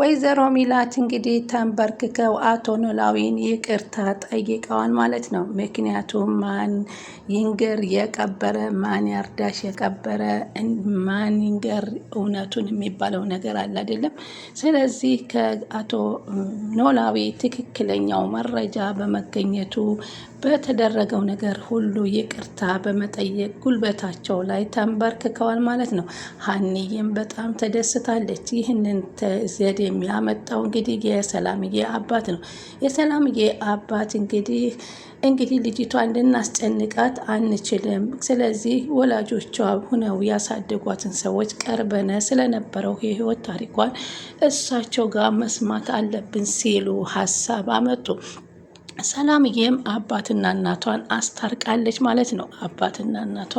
ወይዘሮ ሚላት እንግዲህ ተንበርክከው አቶ ኖላዊን ይቅርታ ጠይቀዋል ማለት ነው። ምክንያቱም ማን ይንገር የቀበረ ማን ያርዳሽ የቀበረ ማን ይንገር እውነቱን የሚባለው ነገር አለ አይደለም። ስለዚህ ከአቶ ኖላዊ ትክክለኛው መረጃ በመገኘቱ በተደረገው ነገር ሁሉ ይቅርታ በመጠየቅ ጉልበታቸው ላይ ተንበርክከዋል ማለት ነው። ሀኒዬም በጣም ተደስታለች። ይህንን ዘዴ የሚያመጣው እንግዲህ የሰላምዬ አባት ነው። የሰላምዬ አባት እንግዲህ እንግዲህ ልጅቷ እንድናስጨንቃት አንችልም። ስለዚህ ወላጆቿ ሁነው ያሳደጓትን ሰዎች ቀርበነ ስለነበረው የህይወት ታሪኳን እሳቸው ጋር መስማት አለብን ሲሉ ሀሳብ አመጡ። ሰላምዬም አባትና እናቷን አስታርቃለች ማለት ነው። አባትና እናቷ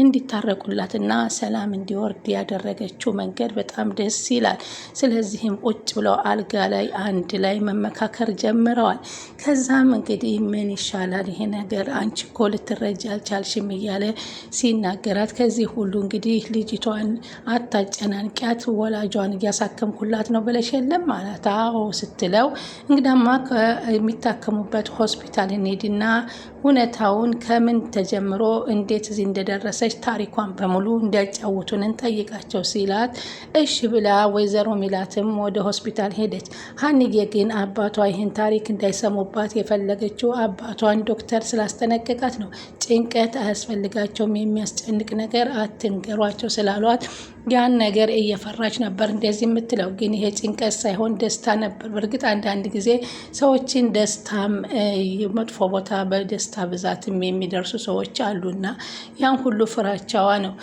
እንዲታረቁላትና ሰላም እንዲወርድ ያደረገችው መንገድ በጣም ደስ ይላል። ስለዚህም ቁጭ ብለው አልጋ ላይ አንድ ላይ መመካከር ጀምረዋል። ከዛም እንግዲህ ምን ይሻላል ይሄ ነገር አንቺ እኮ ልትረጅ አልቻልሽም እያለ ሲናገራት፣ ከዚህ ሁሉ እንግዲህ ልጅቷን አታጨናንቂያት ወላጇን እያሳከምኩላት ነው ብለሽ የለም አላት። አዎ ስትለው እንግዳማ የሚታከሙበት ሆስፒታል እንሂድና ሁኔታውን ከምን ተጀምሮ እንዴት እዚህ እንደደረሰች ታሪኳን በሙሉ እንዲያጫውቱን እንጠይቃቸው ሲላት እሺ ብላ ወይዘሮ ሚላትም ወደ ሆስፒታል ሄደች። ሀንዬ ግን አባቷ ይህን ታሪክ እንዳይሰሙባት የፈለገችው አባቷን ዶክተር ስላስጠነቀቃት ነው። ጭንቀት አያስፈልጋቸውም፣ የሚያስጨንቅ ነገር አትንገሯቸው ስላሏት ያን ነገር እየፈራች ነበር እንደዚህ የምትለው። ግን ይሄ ጭንቀት ሳይሆን ደስታ ነበር። በእርግጥ አንዳንድ ጊዜ ሰዎችን ደስታም መጥፎ ቦታ በደስታ በበሽታ ብዛትም የሚደርሱ ሰዎች አሉና ያን ሁሉ ፍራቻዋ ነው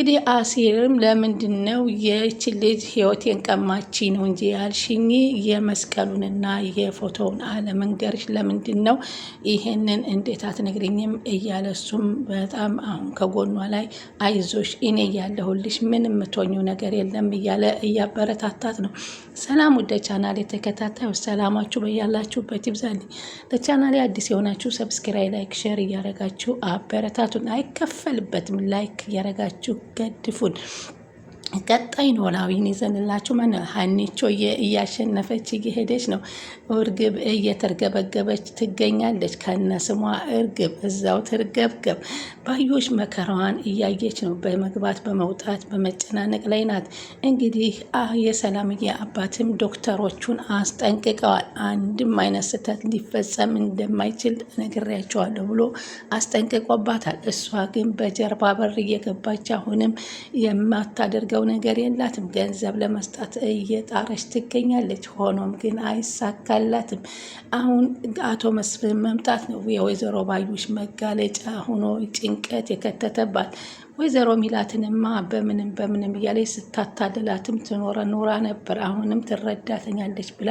እንግዲህ አሲርም ለምንድን ነው የች ልጅ ህይወቴን ቀማች ነው እንጂ ያልሽኝ የመስቀሉንና የፎቶውን አለመንገርሽ ለምንድን ነው? ይሄንን እንዴት አትነግሪኝም? እያለ እሱም በጣም አሁን ከጎኗ ላይ አይዞሽ፣ እኔ እያለሁልሽ ምንም የምትሆኚው ነገር የለም እያለ እያበረታታት ነው። ሰላም ወደ ቻናል የተከታታዮች ሰላማችሁ በያላችሁበት ይብዛልኝ። ለቻናሌ አዲስ የሆናችሁ ሰብስክራይ፣ ላይክ፣ ሸር እያረጋችሁ አበረታቱን። አይከፈልበትም ላይክ እያረጋችሁ get the food ቀጣይ ኖላዊን ይዘንላችሁ ማን ሀኒቾ እያሸነፈች እየሄደች ነው። እርግብ እየተርገበገበች ትገኛለች። ከነስሟ እርግብ እዛው ትርገብገብ። ባዮች መከራዋን እያየች ነው። በመግባት በመውጣት በመጨናነቅ ላይ ናት። እንግዲህ የሰላምዬ አባትም ዶክተሮቹን አስጠንቅቀዋል። አንድም አይነት ስህተት ሊፈጸም እንደማይችል ነግሬያቸዋለሁ ብሎ አስጠንቅቆባታል። እሷ ግን በጀርባ በር እየገባች አሁንም የማታደርገው የምትፈልገው ነገር የላትም። ገንዘብ ለመስጠት እየጣረች ትገኛለች። ሆኖም ግን አይሳካላትም። አሁን አቶ መስፍን መምጣት ነው የወይዘሮ ባዩሽ መጋለጫ ሆኖ ጭንቀት የከተተባት ወይዘሮ ሚላትንማ በምንም በምንም እያለች ስታታልላትም ትኖረ ኑራ ነበር። አሁንም ትረዳተኛለች ብላ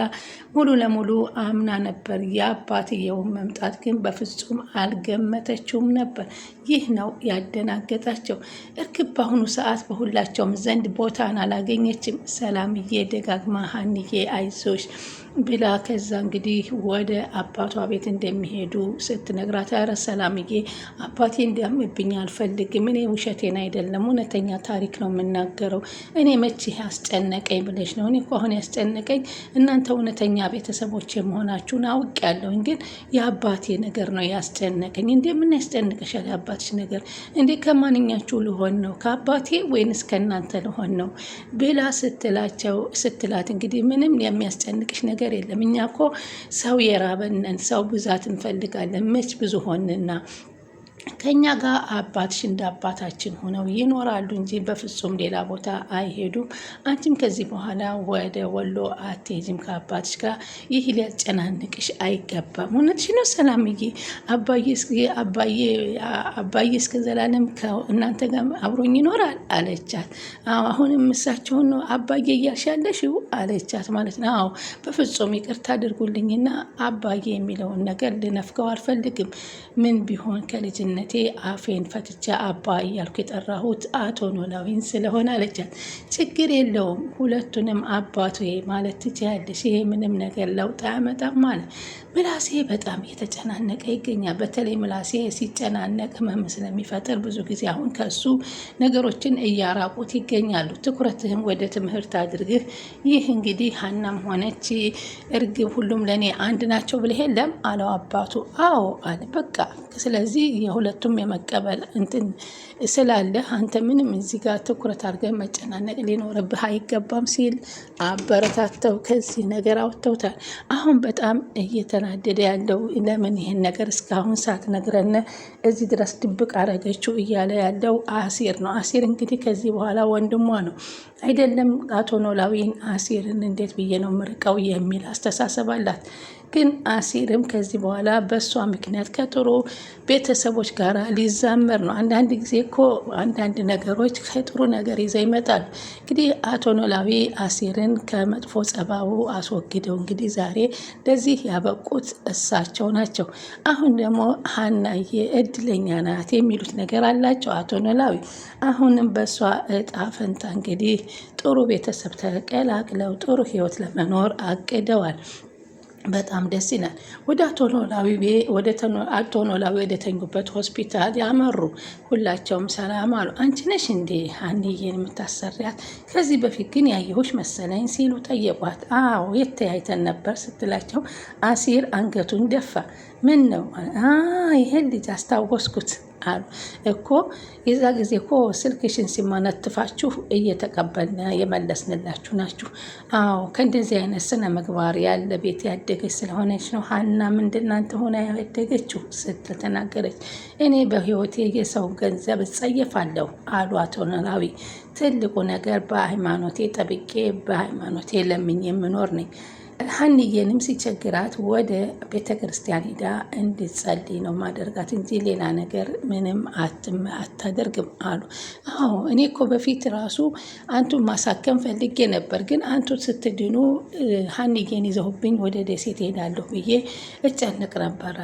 ሙሉ ለሙሉ አምና ነበር። የአባትየውን መምጣት ግን በፍጹም አልገመተችውም ነበር። ይህ ነው ያደናገጣቸው። እርግብ በአሁኑ ሰዓት በሁላቸውም ዘንድ ቦታን አላገኘችም። ሰላምዬ ደጋግማ ሀንዬ አይዞሽ ብላ ከዛ እንግዲህ ወደ አባቷ ቤት እንደሚሄዱ ስትነግራት፣ ኧረ ሰላምዬ አባቴ እንዲያምብኝ አልፈልግም እኔ ውሸት ውሸቴን አይደለም እውነተኛ ታሪክ ነው የምናገረው። እኔ መቼ ያስጨነቀኝ ብለሽ ነው። እኔ እኮ አሁን ያስጨነቀኝ እናንተ እውነተኛ ቤተሰቦች የመሆናችሁን ያለውኝ፣ ግን የአባቴ ነገር ነው ያስጨነቀኝ። እንዴ ምን ያስጨንቀሻል? የአባትሽ ነገር እንዴ ከማንኛችሁ ልሆን ነው? ከአባቴ ወይንስ ከእናንተ ልሆን ነው ብላ ስትላቸው ስትላት እንግዲህ ምንም የሚያስጨንቅሽ ነገር የለም እኛ እኮ ሰው የራበነን ሰው ብዛት እንፈልጋለን። መች ብዙ ሆንና ከኛ ጋር አባትሽ እንደ አባታችን ሆነው ይኖራሉ እንጂ በፍጹም ሌላ ቦታ አይሄዱም። አንቺም ከዚህ በኋላ ወደ ወሎ አትሄጂም ከአባትሽ ጋር። ይህ ሊያጨናንቅሽ አይገባም። እውነትሽ ነው ሰላምዬ። አባዬ እስከ ዘላለም እናንተ ጋር አብሮኝ ይኖራል አለቻት። አሁንም እሳቸውን ነው አባዬ እያልሽ ያለሽው አለቻት ማለት ነው። አዎ በፍጹም ይቅርታ አድርጉልኝና አባዬ የሚለውን ነገር ልነፍገው አልፈልግም። ምን ቢሆን ከልጅነ ገነቴ አፌን ፈትቼ አባ እያልኩ የጠራሁት አቶ ኖላዊን ስለሆነ አለቻት። ችግር የለውም ሁለቱንም አባቱ ማለት ትችያለሽ፣ ይሄ ምንም ነገር ለውጥ አያመጣም አለ። ምላሴ በጣም እየተጨናነቀ ይገኛል። በተለይ ምላሴ ሲጨናነቅ ህመም ስለሚፈጥር ብዙ ጊዜ አሁን ከሱ ነገሮችን እያራቁት ይገኛሉ። ትኩረትህም ወደ ትምህርት አድርግህ። ይህ እንግዲህ ሀናም ሆነች እርግብ ሁሉም ለእኔ አንድ ናቸው ብለህ የለም አለው አባቱ። አዎ አለ በቃ ስለዚህ የሁለ ሁለቱም የመቀበል እንትን ስላለ አንተ ምንም እዚህ ጋር ትኩረት አድርገህ መጨናነቅ ሊኖርብህ አይገባም ሲል አበረታተው ከዚህ ነገር አውጥተውታል። አሁን በጣም እየተናደደ ያለው ለምን ይህን ነገር እስካሁን ሳትነግረን እዚህ ድረስ ድብቅ አረገችው እያለ ያለው አሲር ነው። አሲር እንግዲህ ከዚህ በኋላ ወንድሟ ነው አይደለም አቶ ኖላዊን አሲርን እንዴት ብዬ ነው ምርቀው የሚል አስተሳሰብ አላት። ግን አሲርም ከዚህ በኋላ በእሷ ምክንያት ከጥሩ ቤተሰቦች ጋር ሊዛመር ነው። አንዳንድ ጊዜ እኮ አንዳንድ ነገሮች ከጥሩ ነገር ይዘው ይመጣሉ። እንግዲህ አቶ ኖላዊ አሲርን ከመጥፎ ጸባቡ አስወግደው እንግዲህ ዛሬ ለዚህ ያበቁት እሳቸው ናቸው። አሁን ደግሞ ሀናዬ እድለኛ ናት የሚሉት ነገር አላቸው አቶ ኖላዊ። አሁንም በእሷ እጣ ፈንታ እንግዲህ ጥሩ ቤተሰብ ተቀላቅለው ጥሩ ህይወት ለመኖር አቅደዋል። በጣም ደስ ይላል። ወደ አቶ ኖላዊ አቶ ኖላዊ ወደ ተኙበት ሆስፒታል ያመሩ። ሁላቸውም ሰላም አሉ። አንቺ ነሽ እንዴ ሀኒዬን የምታሰሪያት? ከዚህ በፊት ግን ያየሁሽ መሰለኝ ሲሉ ጠየቋት። አዎ የተያይተን ነበር ስትላቸው አሲር አንገቱን ደፋ። ምን ነው ይሄን ልጅ አስታወስኩት አሉ እኮ የዛ ጊዜ እኮ ስልክሽን ሲማነትፋችሁ እየተቀበልን የመለስንላችሁ ናችሁ። አዎ ከእንደዚህ አይነት ስነ ምግባር ያለ ቤት ያደገች ስለሆነች ነው ሀና ምንድናንተ ሆና ያደገችው ስትል ተናገረች። እኔ በህይወቴ የሰው ገንዘብ እጸየፋለሁ አሉ አቶ ኖላዊ። ትልቁ ነገር በሃይማኖቴ ጠብቄ በሃይማኖቴ ለምኝ የምኖር ነኝ ሀንዬንም ሲቸግራት ወደ ቤተ ክርስቲያን ሂዳ እንድትጸልይ ነው ማደርጋት እንጂ ሌላ ነገር ምንም አታደርግም አሉ። አዎ እኔ እኮ በፊት ራሱ አንቱን ማሳከም ፈልጌ ነበር፣ ግን አንቱ ስትድኑ ሀንዬን ይዘውብኝ ወደ ደሴት ሄዳለሁ ብዬ እጨንቅ ነበረ።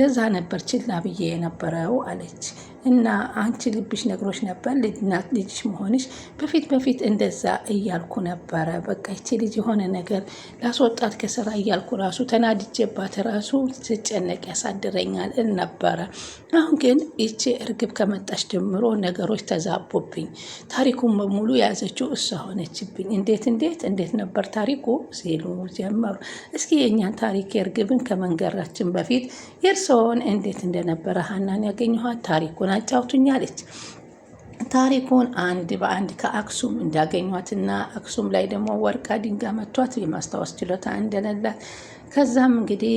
ለዛ ነበር ችላ ብዬ የነበረው አለች። እና አንቺ ልብሽ ነግሮች ነበር ልጅናት ልጅሽ መሆንሽ በፊት በፊት እንደዛ እያልኩ ነበረ። በቃ ይቺ ልጅ የሆነ ነገር ላስወጣት ከስራ እያልኩ ራሱ ተናድጄባት ራሱ ስጨነቅ ያሳድረኛል ነበረ። አሁን ግን ይቺ እርግብ ከመጣች ጀምሮ ነገሮች ተዛቦብኝ ታሪኩን በሙሉ የያዘችው እሷ ሆነችብኝ። እንዴት እንዴት እንዴት ነበር ታሪኩ ሲሉ ጀመሩ። እስኪ የእኛን ታሪክ የእርግብን ከመንገራችን በፊት የእርስዎን እንዴት እንደነበረ ሀናን ያገኘኋት ታሪኩን አጫውቱኝ አለች። ታሪኩን አንድ በአንድ ከአክሱም እንዳገኟትና አክሱም ላይ ደግሞ ወርቃ ድንጋ መቷት የማስታወስ ችሎታ እንደሌላት ከዛም እንግዲህ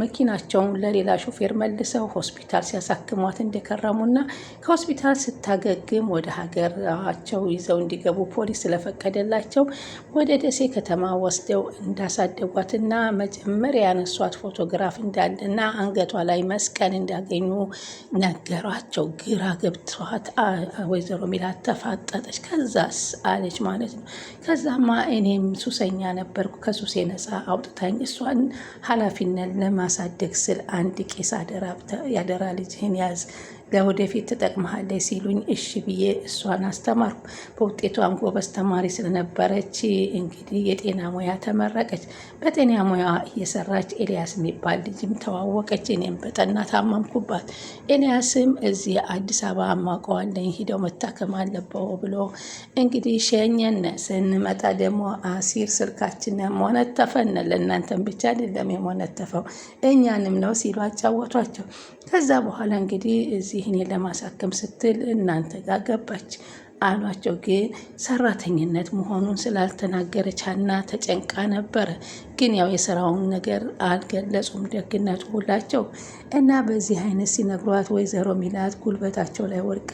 መኪናቸውን ለሌላ ሾፌር መልሰው ሆስፒታል ሲያሳክሟት እንደከረሙና ከሆስፒታል ስታገግም ወደ ሀገራቸው ይዘው እንዲገቡ ፖሊስ ስለፈቀደላቸው ወደ ደሴ ከተማ ወስደው እንዳሳደጓትና መጀመሪያ ያነሷት ፎቶግራፍ እንዳለና አንገቷ ላይ መስቀል እንዳገኙ ነገሯቸው። ግራ ገብቷት ወይዘሮ ሚላት ተፋጠጠች። ከዛስ አለች ማለት ነው። ከዛማ እኔም ሱሰኛ ነበርኩ ከሱሴ ነፃ አውጥታኝ እሷን ሳይሆን ኃላፊነት ለማሳደግ ስል አንድ ቄስ ያደራ ልጅህን ያዝ ለወደፊት ትጠቅመሃለች ሲሉኝ እሺ ብዬ እሷን አስተማርኩ። በውጤቷም ጎበዝ ተማሪ ስለነበረች እንግዲህ የጤና ሙያ ተመረቀች። በጤና ሙያ እየሰራች ኤልያስ የሚባል ልጅም ተዋወቀች። እኔም በጠና ታማምኩባት። ኤልያስም እዚህ አዲስ አበባ ማውቀዋለኝ ሂደው መታከም አለበው ብሎ እንግዲህ ሸኘነ። ስንመጣ ደግሞ አሲር ስልካችን ሞነተፈን። ለእናንተን ብቻ አይደለም የሞነተፈው እኛንም ነው ሲሉ አጫወቷቸው። ከዛ በኋላ እንግዲህ ይህን ለማሳከም ስትል እናንተ ጋር ገባች አሏቸው። ግን ሰራተኝነት መሆኑን ስላልተናገረች ሀና ተጨንቃ ነበረ። ግን ያው የስራውን ነገር አልገለጹም ደግነት ሁላቸው እና በዚህ አይነት ሲነግሯት ወይዘሮ ሚላት ጉልበታቸው ላይ ወድቃ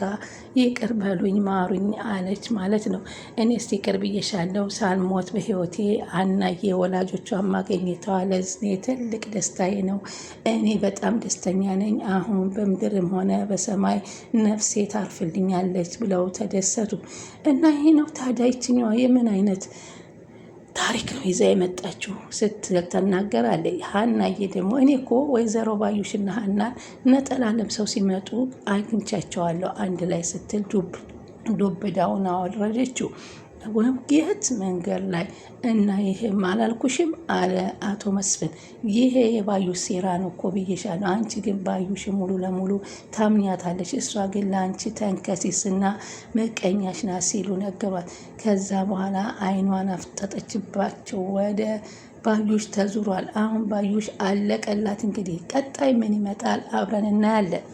ይቅር በሉኝ ማሩኝ አለች ማለት ነው። እኔ እስቲ ቅር ብዬሻለሁ ሳልሞት በህይወቴ አናዬ ወላጆቿ ማገኘቷ ለእኔ ትልቅ ደስታዬ ነው። እኔ በጣም ደስተኛ ነኝ። አሁን በምድርም ሆነ በሰማይ ነፍሴ ታርፍልኛለች ብለው ተደሰቱ እና ይህ ነው ታዲያ ይችኛዋ የምን አይነት ታሪክ ነው ይዛ የመጣችው ስትል ተናገራለች። ሀናዬ ደግሞ እኔ እኮ ወይዘሮ ባዩሽና ሀና ነጠላ ለብሰው ሲመጡ አግኝቻቸዋለሁ አንድ ላይ ስትል ዱብ ዳውን አወረደችው። ወይም የት መንገድ ላይ እና ይሄም አላልኩሽም አለ አቶ መስፍን። ይሄ የባዩ ሴራ ነው እኮ ብዬሻለሁ። አንቺ ግን ባዩሽ ሙሉ ለሙሉ ታምኛታለች እሷ ግን ለአንቺ ተንከሲስና መቀኛሽ ናት ሲሉ ነገሯት። ከዛ በኋላ አይኗን አፍጠጠችባቸው ወደ ባዩሽ ተዙሯል። አሁን ባዩሽ አለቀላት። እንግዲህ ቀጣይ ምን ይመጣል አብረን እናያለን።